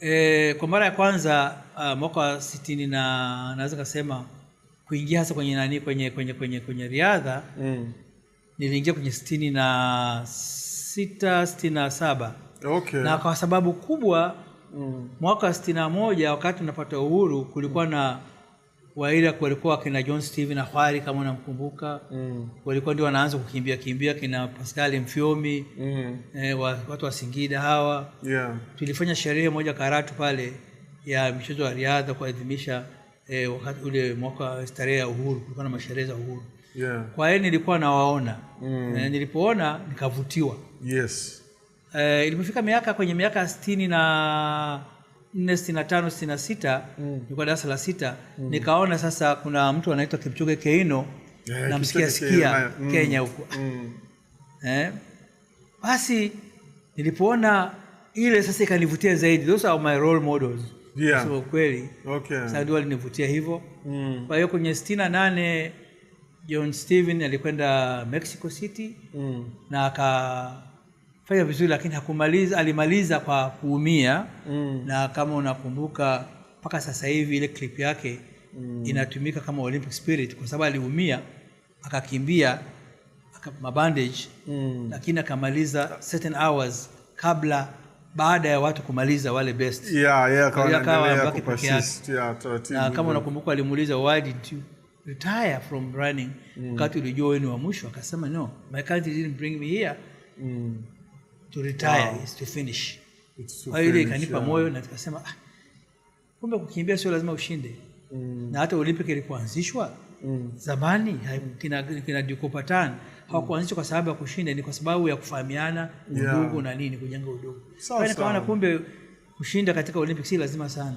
E, kwa mara ya kwanza uh, mwaka wa sitini na naweza kasema kuingia hasa kwenye nani kwenye kwenye kwenye kwenye riadha mm. Niliingia kwenye sitini na sita sitini na saba okay. Na kwa sababu kubwa mm. Mwaka wa sitini na moja wakati tunapata uhuru kulikuwa na Waila walikuwa kina John Steven Ahwali kama unamkumbuka, mm. walikuwa ndio wanaanza kukimbia kimbia kina Pascal Mfyomi mm. eh, watu wa Singida hawa yeah. Tulifanya sherehe moja Karatu pale ya michezo ya riadha kuadhimisha eh, wakati ule mwaka starehe ya uhuru, kulikuwa na masherehe za uhuru yeah. Kwa hiyo nilikuwa nawaona mm. eh, nilipoona nikavutiwa yes. Eh, ilipofika miaka kwenye miaka sitini na nne sitini tano sita mm. nilikuwa darasa la sita mm. nikaona sasa kuna mtu anaitwa Kipchoge Keino yeah, namsikia sikia mm. Kenya huko mm. eh? Basi nilipoona ile sasa ikanivutia zaidi. Those are my role models yeah. So kweli okay. Sadu alinivutia hivyo mm. Kwa hiyo kwenye stina nane John Steven alikwenda Mexico City mm. na aka fanya vizuri, lakini hakumaliza, alimaliza kwa kuumia mm. na kama unakumbuka mpaka sasa hivi ile clip yake mm. inatumika kama Olympic spirit kwa sababu aliumia akakimbia aka mabandage mm. lakini akamaliza certain hours kabla baada ya watu kumaliza wale best yeah, yeah, na kama unakumbuka alimuuliza why did you retire from running mm. wakati mm. ulijua wewe ni wa mwisho, akasema no my country didn't bring me here mm to retire wow. is to finish. Kwa ile ikanipa moyo na tukasema ah, kumbe kukimbia sio lazima ushinde. Mm. Na hata Olympic ilikuanzishwa mm. zamani kina, kina Duke hawakuanzishwa kwa sababu ya kushinda, ni kwa sababu ya kufahamiana udugu yeah. na nini, kujenga udugu. kaona kumbe kushinda katika Olympic si lazima sana.